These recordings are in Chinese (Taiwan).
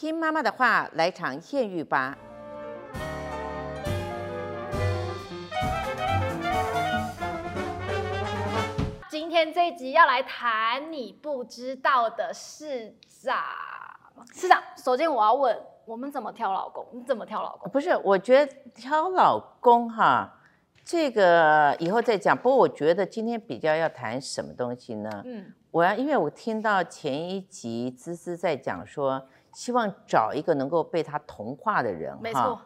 聽媽媽的話，來場豔遇吧。今天這一集要來談你不知道的市長。市長，首先我要問，我們怎麼挑老公？你怎麼挑老公？不是，我覺得挑老公哈，這個以後再講。不過我覺得今天比較要談什麼東西呢？嗯，我要，因為我聽到前一集芝芝在講說。希望找一個能夠被他同化的人，沒錯，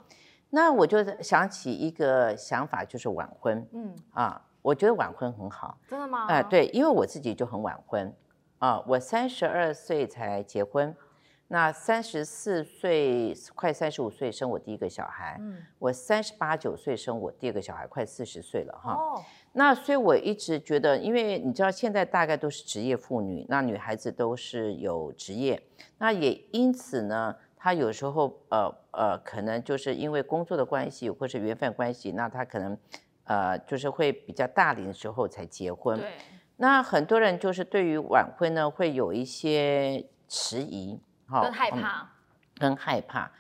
那我就想起一個想法，就是晚婚。嗯啊，我覺得晚婚很好。真的嗎？哎、呃，對，因為我自己就很晚婚。啊，我三十二歲才結婚，那三十四歲快三十五歲生我第一個小孩，嗯、我三十八九歲生我第二個小孩，快四十歲了哈。哦那所以我一直覺得，因為你知道現在大概都是職業婦女，那女孩子都是有職業，那也因此呢，她有時候呃呃，可能就是因為工作的關係，或是緣分關係，那她可能，呃，就是會比較大齡的時候才結婚。對那很多人就是對於晚婚呢，會有一些遲疑。哈，跟害怕、嗯。跟害怕。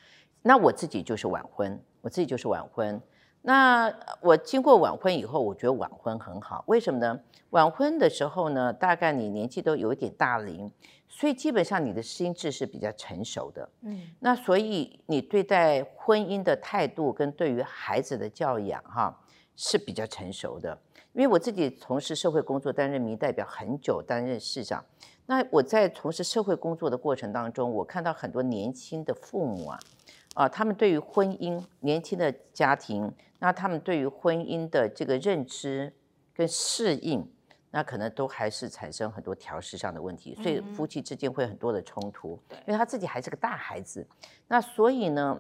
那我自己就是晚婚，我自己就是晚婚。那我經過晚婚以後，我覺得晚婚很好。為什麼呢？晚婚的時候呢，大概你年紀都有一點大齡，所以基本上你的心智是比較成熟的。嗯，那所以你對待婚姻的態度跟對於孩子的教養哈是比較成熟的。因為我自己從事社會工作，擔任民代表很久，擔任市長。那我在從事社會工作的過程當中，我看到很多年輕的父母啊，啊，他們對於婚姻、年輕的家庭。那他們對於婚姻的這個認知跟適應，那可能都還是產生很多調適上的問題，所以夫妻之間會有很多的衝突。對，因為他自己還是個大孩子，那所以呢，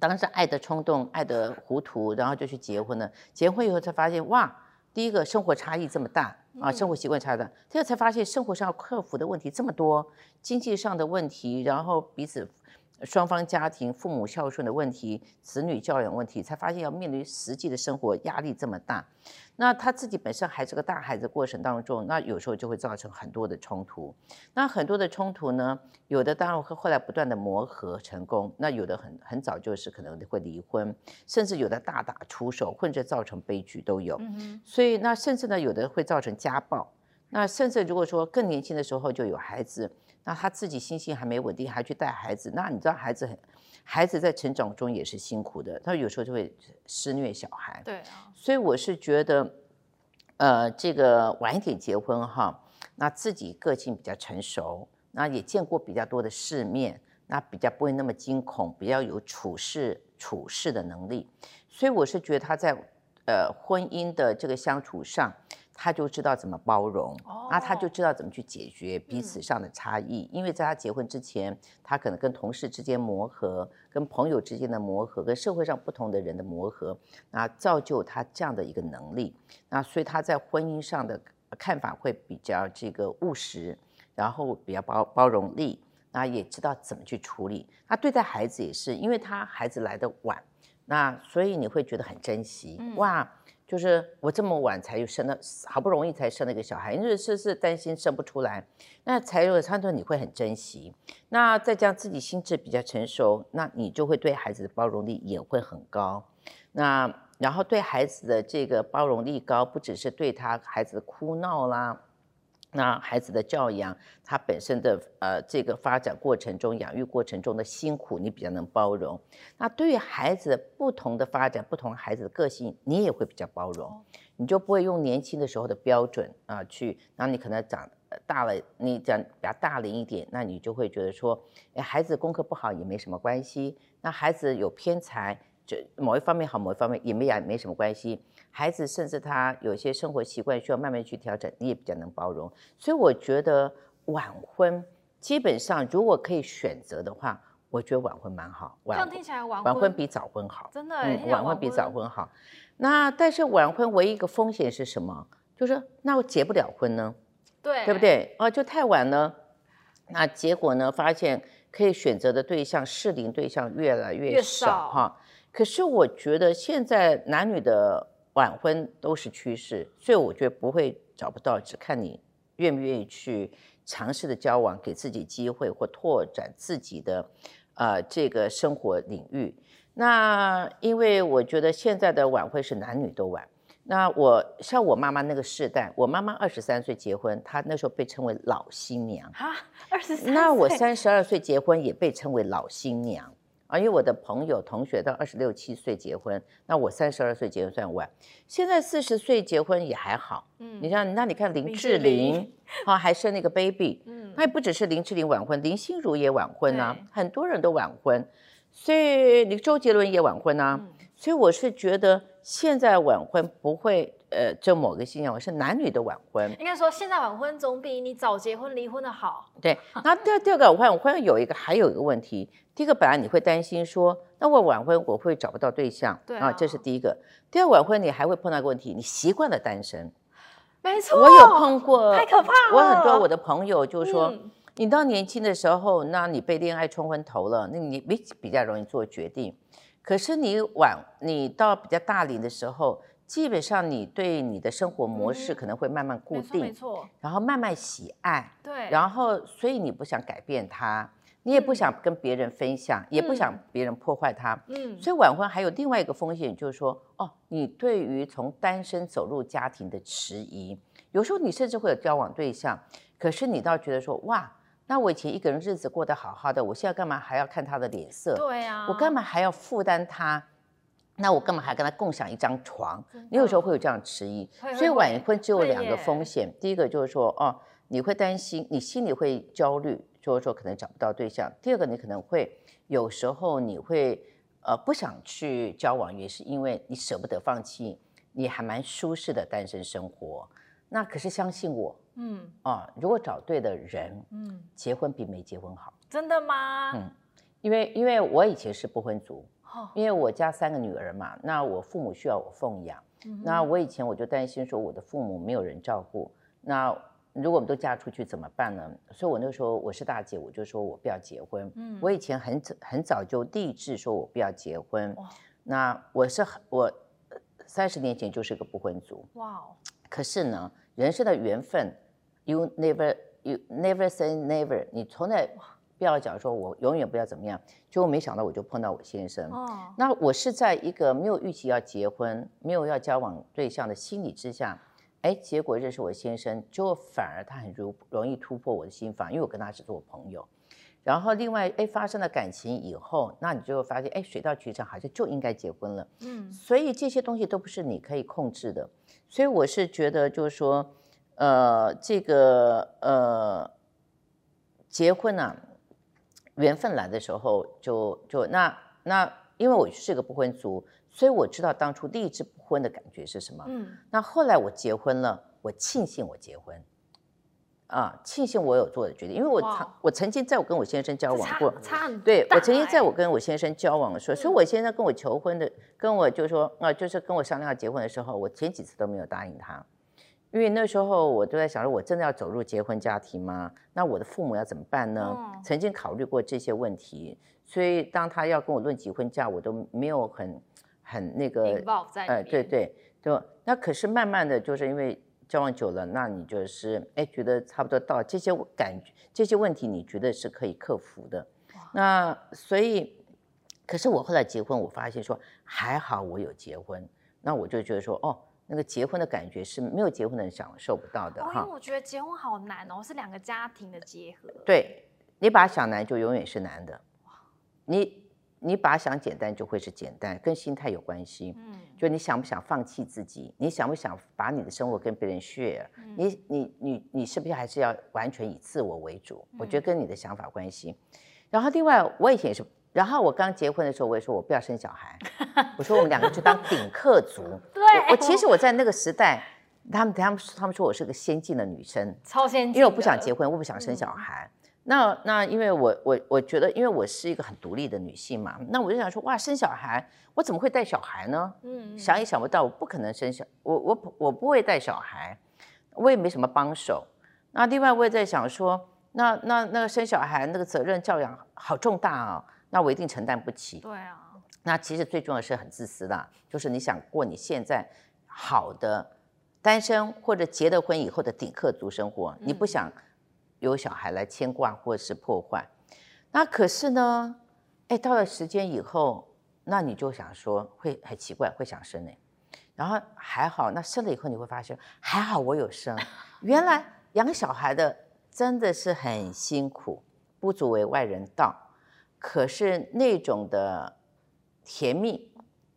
當時愛的衝動、愛得糊塗，然後就去結婚了。結婚以後才發現，哇，第一個生活差異這麼大、嗯、啊，生活習慣差異大，第二才發現生活上克服的問題這麼多，經濟上的問題，然後彼此。雙方家庭父母孝順的問題，子女教養問題，才發現要面臨實際的生活壓力這麼大。那他自己本身還是個大孩子的過程當中，那有時候就會造成很多的衝突。那很多的衝突呢，有的當然會後來不斷的磨合成功，那有的很很早就是可能會離婚，甚至有的大打出手，或者造成悲劇都有。所以那甚至呢，有的會造成家暴。那甚至如果說更年輕的時候就有孩子。那他自己心性還沒穩定，還去帶孩子，那你知道孩子很，孩子在成長中也是辛苦的，他有時候就會施虐小孩。對啊，所以我是覺得，呃，這個晚一點結婚哈，那自己個性比較成熟，那也見過比較多的世面，那比較不會那麼驚恐，比較有處事處事的能力，所以我是覺得他在呃婚姻，的這個相處上，他就知道怎麼包容，oh. 那他就知道怎麼去解決彼此上的差異。嗯、因為在他結婚之前，他可能跟同事之間磨合，跟朋友之間的磨合，跟社會上不同的人的磨合，那造就他這樣的一個能力。那所以他在婚姻上的看法會比較這個務實，然後比較包包容力，那也知道怎麼去處理。那對待孩子也是，因為他孩子來得晚，那所以你會覺得很珍惜、嗯、哇。就是我這麼晚才又生了，好不容易才生了一個小孩，因為就是是擔心生不出來，那才有的他說，你會很珍惜，那再加上自己心智比較成熟，那你就會對孩子的包容力也會很高，那然後對孩子的這個包容力高，不只是對他孩子的哭鬧啦。那孩子的教養，他本身的呃這個發展過程中，養育過程中的辛苦，你比較能包容。那對於孩子不同的發展，不同孩子的個性，你也會比較包容，你就不會用年輕的時候的標準啊去。那你可能長大了，你長比較大齡一點，那你就會覺得說，哎，孩子功課不好也沒什麼關係。那孩子有偏才。就某一方面好，某一方面也沒也沒什麼關係。孩子甚至他有些生活習慣需要慢慢去調整，你也比較能包容。所以我覺得晚婚，基本上如果可以選擇的話，我覺得晚婚蠻好。這樣聽起來晚婚晚婚比早婚好，真的，嗯，晚婚，晚婚比早婚好。那但是晚婚唯一一個風險是什麼？就是那我結不了婚呢，對對不對？哦、啊，就太晚了。那結果呢？發現可以選擇的對象適齡對象越來越少，哈。可是我覺得現在男女的晚婚都是趨勢，所以我覺得不會找不到，只看你願不願意去嘗試的交往，給自己機會或拓展自己的呃這個生活領域。那因為我覺得現在的晚婚是男女都晚。那我像我媽媽那個世代，我媽媽二十三歲結婚，她那時候被稱為老新娘。啊，二十三歲。那我三十二歲結婚也被稱為老新娘。啊，因為我的朋友、同學到二十六七歲結婚，那我三十二歲結婚算晚。現在四十歲結婚也還好，嗯，你像那你看林志玲，志玲啊，還生那個 baby，嗯，那也不只是林志玲晚婚，林心如也晚婚啊，對很多人都晚婚，所以你周杰倫也晚婚啊，嗯，所以我是覺得。現在晚婚不會，呃，就某個信仰我是男女的晚婚。應該說，現在晚婚總比你早結婚離婚的好。對。那第二、啊、第二個晚婚有一個，還有一個問題。第一個，本來你會擔心說，那我晚婚我會找不到對象。對啊。啊，這是第一個。第二個晚婚你還會碰到一個問題，你習慣了單身。沒錯。我有碰過。太可怕了。我很多我的朋友就說，嗯、你到年輕的時候，那你被戀愛衝昏頭了，那你比比較容易做決定。可是你晚，你到比較大齡的時候，基本上你對你的生活模式可能會慢慢固定，嗯、沒錯、沒錯。然後慢慢喜愛，對。然後所以你不想改變它，你也不想跟別人分享，嗯、也不想別人破壞它，嗯。嗯，所以晚婚還有另外一個風險，就是說，哦，你對於從單身走入家庭的遲疑，有時候你甚至會有交往對象，可是你倒覺得說，哇。那我以前一個人日子過得好好的，我現在幹嘛還要看他的臉色？對啊，我幹嘛還要負擔他？那我幹嘛還要跟他共享一張床？的你有時候會有這樣遲疑，對所以晚婚只有兩個風險。第一個就是說，哦，你會擔心，你心裡會焦慮，就是說可能找不到對象。第二個，你可能會有時候你會呃不想去交往，也是因為你捨不得放棄你還蠻舒適的單身生活。那可是相信我，嗯啊、哦，如果找對的人，嗯，結婚比沒結婚好，真的嗎？嗯，因為因為我以前是不婚族，哦、因為我家三個女兒嘛，那我父母需要我奉養，嗯、哼那我以前我就擔心說我的父母沒有人照顧，那如果我們都嫁出去怎麼辦呢？所以我那時候我是大姐，我就說我不要結婚，嗯，我以前很早很早就立志說我不要結婚，哦、那我是很我三十年前就是一個不婚族，哇、哦，可是呢，人生的緣分，you never you never say never，你從來不要講說，我永遠不要怎麼樣。結果沒想到，我就碰到我先生。Oh. 那我是在一個沒有預期要結婚、沒有要交往對象的心理之下，哎，結果認識我先生，就反而他很容容易突破我的心防，因為我跟他只做朋友。然後另外，哎，發生了感情以後，那你就會發現，哎，水到渠成，好像就應該結婚了。嗯，所以這些東西都不是你可以控制的。所以我是覺得，就是說，呃，這個呃，結婚啊，緣分來的時候就就那那，因為我是一個不婚族，所以我知道當初立志不婚的感覺是什麼？嗯。那後來我結婚了，我慶幸我結婚。啊，慶幸我有做的決定，因為我曾 Wow. 我曾經在我跟我先生交往過，對，我曾經在我跟我先生交往的時候。嗯、所以，我先生跟我求婚的，跟我就說啊，就是跟我商量要結婚的時候，我前幾次都沒有答應他，因為那時候我都在想說我真的要走入結婚家庭嗎？那我的父母要怎麼辦呢？嗯、曾經考慮過這些問題，所以當他要跟我論及婚嫁，我都沒有很很那個。嗯、呃，對對對，那可是慢慢的就是因為。交往久了，那你就是哎，覺得差不多到這些感覺、這些問題，你覺得是可以克服的。哇那所以，可是我後來結婚，我發現說還好我有結婚，那我就覺得說哦，那個結婚的感覺是沒有結婚的人享受不到的。哦，因為我覺得結婚好難哦，是兩個家庭的結合。對，你把想難就永遠是難的。哇你。你把想簡單就會是簡單，跟心態有關係。嗯，就你想不想放棄自己？你想不想把你的生活跟別人 share？你你你你是不是還是要完全以自我為主？我覺得跟你的想法關係。然後另外我以前也是，然後我剛結婚的時候我也說我不要生小孩，我說我們兩個就當頂客族。 對。我，我其實我在那個時代，他們他們他們說我是個先進的女生，超先進，因為我不想結婚，我不想生小孩。嗯那那，那因為我我我覺得，因為我是一個很獨立的女性嘛，那我就想說，哇，生小孩，我怎麼會帶小孩呢？嗯，想也想不到，我不可能生小，我我我不會帶小孩，我也沒什麼幫手。那另外我也在想說，那那那個生小孩那個責任教養好重大啊、哦，那我一定承擔不起。對啊。那其實最重要的是很自私的，就是你想過你現在好的單身或者結了婚以後的頂客族生活，你不想。有小孩來牽掛或是破壞，那可是呢？哎，到了時間以後，那你就想說會很奇怪，會想生呢。然後還好，那生了以後你會發現，還好我有生。原來養小孩的真的是很辛苦，不足為外人道。可是那種的甜蜜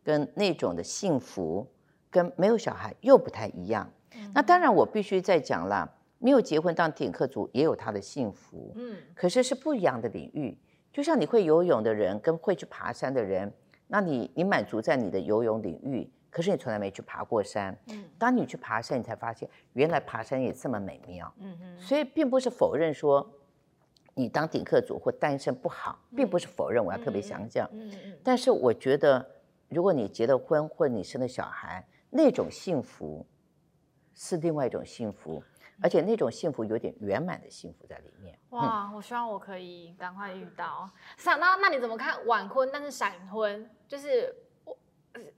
跟那種的幸福，跟沒有小孩又不太一樣。嗯、那當然，我必須再講了。沒有結婚當頂客族也有他的幸福，可是是不一樣的領域。就像你會游泳的人跟會去爬山的人，那你你滿足在你的游泳領域，可是你從來沒去爬過山。當你去爬山，你才發現原來爬山也這麼美妙。所以並不是否認說，你當頂客族或單身不好，並不是否認，我要特別強調。但是我覺得，如果你結了婚或你生了小孩，那種幸福，是另外一種幸福。而且那種幸福有點圓滿的幸福在裡面。哇，嗯、我希望我可以趕快遇到。那那你怎麼看晚婚但是閃婚？就是我，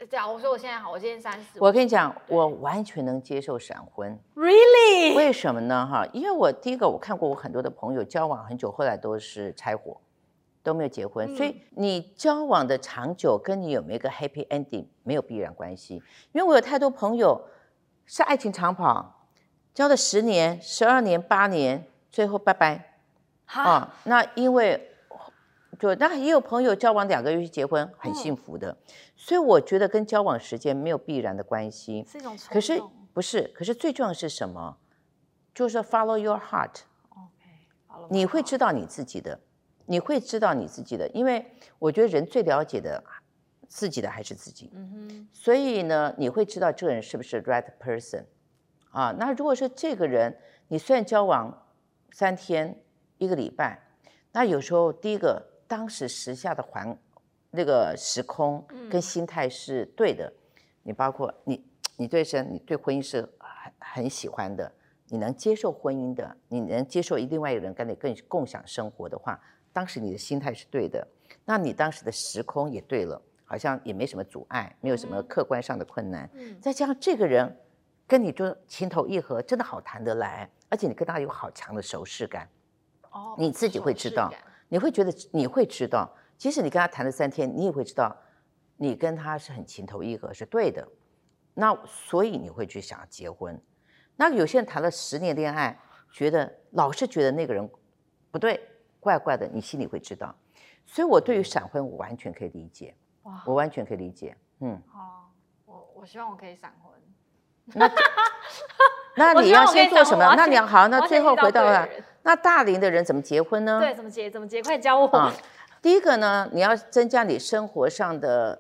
假如說我現在好，我今年三十，我跟你講，對我完全能接受閃婚。Really？為什麼呢？哈，因為我第一個，我看過我很多的朋友交往很久，後來都是拆夥，都沒有結婚。嗯、所以你交往的長久跟你有沒有一個 Happy Ending，沒有必然關係。因為我有太多朋友是愛情長跑。交了十年、十二年、八年，最後拜拜。好 Huh?、啊，那因為就那也有朋友交往兩個月就結婚，很幸福的。Oh. 所以我覺得跟交往時間沒有必然的關係。這種衝動。可是不是？可是最重要的是什麼？就是 follow your heart。Okay. 你會知道你自己的，你會知道你自己的，因為我覺得人最了解的自己的還是自己。Mm hmm. 所以呢，你會知道這個人是不是 right person。啊，那如果說這個人，你雖然交往三天、一個禮拜，那有時候第一個，當時時下的環，那個時空跟心態是對的，你包括你，你對生，你對婚姻是很很喜歡的，你能接受婚姻的，你能接受另外一個人跟你更共享生活的話，當時你的心態是對的，那你當時的時空也對了，好像也沒什麼阻礙，沒有什麼客觀上的困難，嗯、再加上這個人。跟你就情投意合，真的好談得來，而且你跟他有好強的熟識感，哦，你自己會知道，你會覺得你會知道，即使你跟他談了三天，你也會知道，你跟他是很情投意合，是對的。那所以你會去想要結婚，那有些人談了十年戀愛，覺得老是覺得那個人不對，怪怪的，你心裡會知道。所以我對於閃婚，我完全可以理解，嗯、我完全可以理解，哇嗯。好，我我希望我可以閃婚。 那那你要先做什麼？我我你要你那你好，那最後回到了到那大齡的人怎麼結婚呢？對，怎麼結？怎麼結？快教我、哦！第一個呢，你要增加你生活上的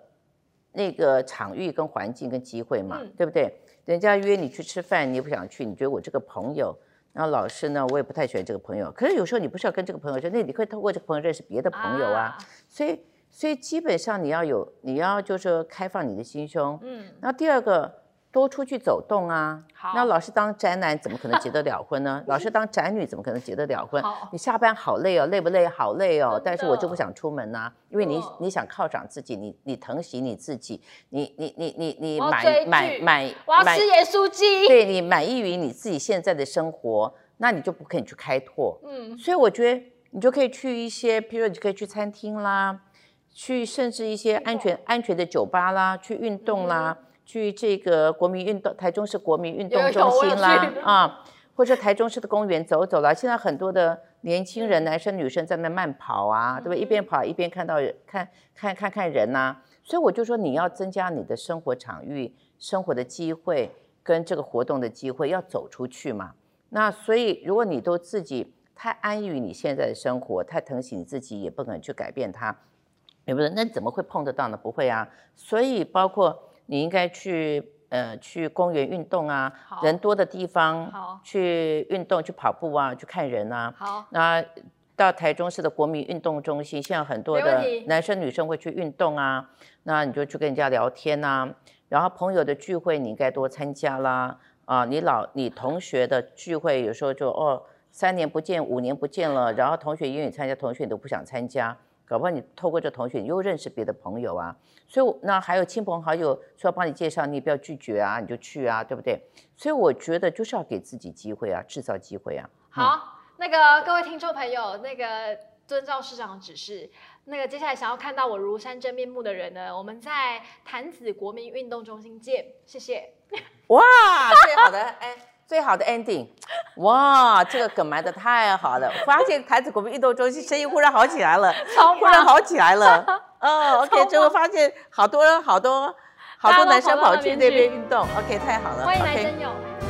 那個場域、跟環境、跟機會嘛，嗯、對不對？人家約你去吃飯，你不想去，你覺得我這個朋友，然後老師呢，我也不太喜歡這個朋友。可是有時候你不是要跟這個朋友，就那你可以透過這個朋友認識別的朋友啊。啊所以所以基本上你要有，你要就是說開放你的心胸。嗯，那第二個。多出去走動啊！好，那老是當宅男，怎麼可能結得了婚呢？老是當宅女，怎麼可能結得了婚？你下班好累哦，累不累？好累哦！但是我就不想出門吶，因為你你想犒賞自己，你你疼惜你自己，你你你你你買買買，我要吃鹽酥雞，對，你滿意於你自己現在的生活，那你就不可以去開拓。嗯，所以我覺得你就可以去一些，譬如你可以去餐廳啦，去甚至一些安全安全的酒吧啦，去運動啦。去這個國民運動，台中市國民運動中心啦，啊，或者台中市的公園走走了，現在很多的年輕人，男生女生在那慢跑啊，對吧？一邊跑一邊看到人，看，看，看，看看人吶、啊。所以我就說，你要增加你的生活場域、生活的機會跟這個活動的機會，要走出去嘛。那所以，如果你都自己太安於你現在的生活，太疼惜你自己，也不能去改變它，有沒有？那你怎麼會碰得到呢？不會啊。所以包括。你應該去呃去公園運動啊，好人多的地方去運動，好去跑步啊，去看人啊。好，那到台中市的國民運動中心，像很多的男生女生會去運動啊。那你就去跟人家聊天啊，然後朋友的聚會你應該多參加啦。啊，你老你同學的聚會，有時候就哦三年不見，五年不見了，然後同學邀你參加，同學你都不想參加。搞不好你透過這同學，你又認識別的朋友啊，所以那還有親朋好友說要幫你介紹，你也不要拒絕啊，你就去啊，對不對？所以我覺得就是要給自己機會啊，製造機會啊。嗯、好，那個各位聽眾朋友，那個遵照市長指示，那個接下來想要看到我廬山真面目的人呢，我們在潭子國民運動中心見，謝謝。哇，最 好的哎。最好的 ending，哇，這個梗埋得太好了！發現台子國民運動中心生意忽然好起來了，跑忽然好起來了，哦跑，OK，最後發現好多人好多好多男生跑去那邊運動，OK，太好了，OK。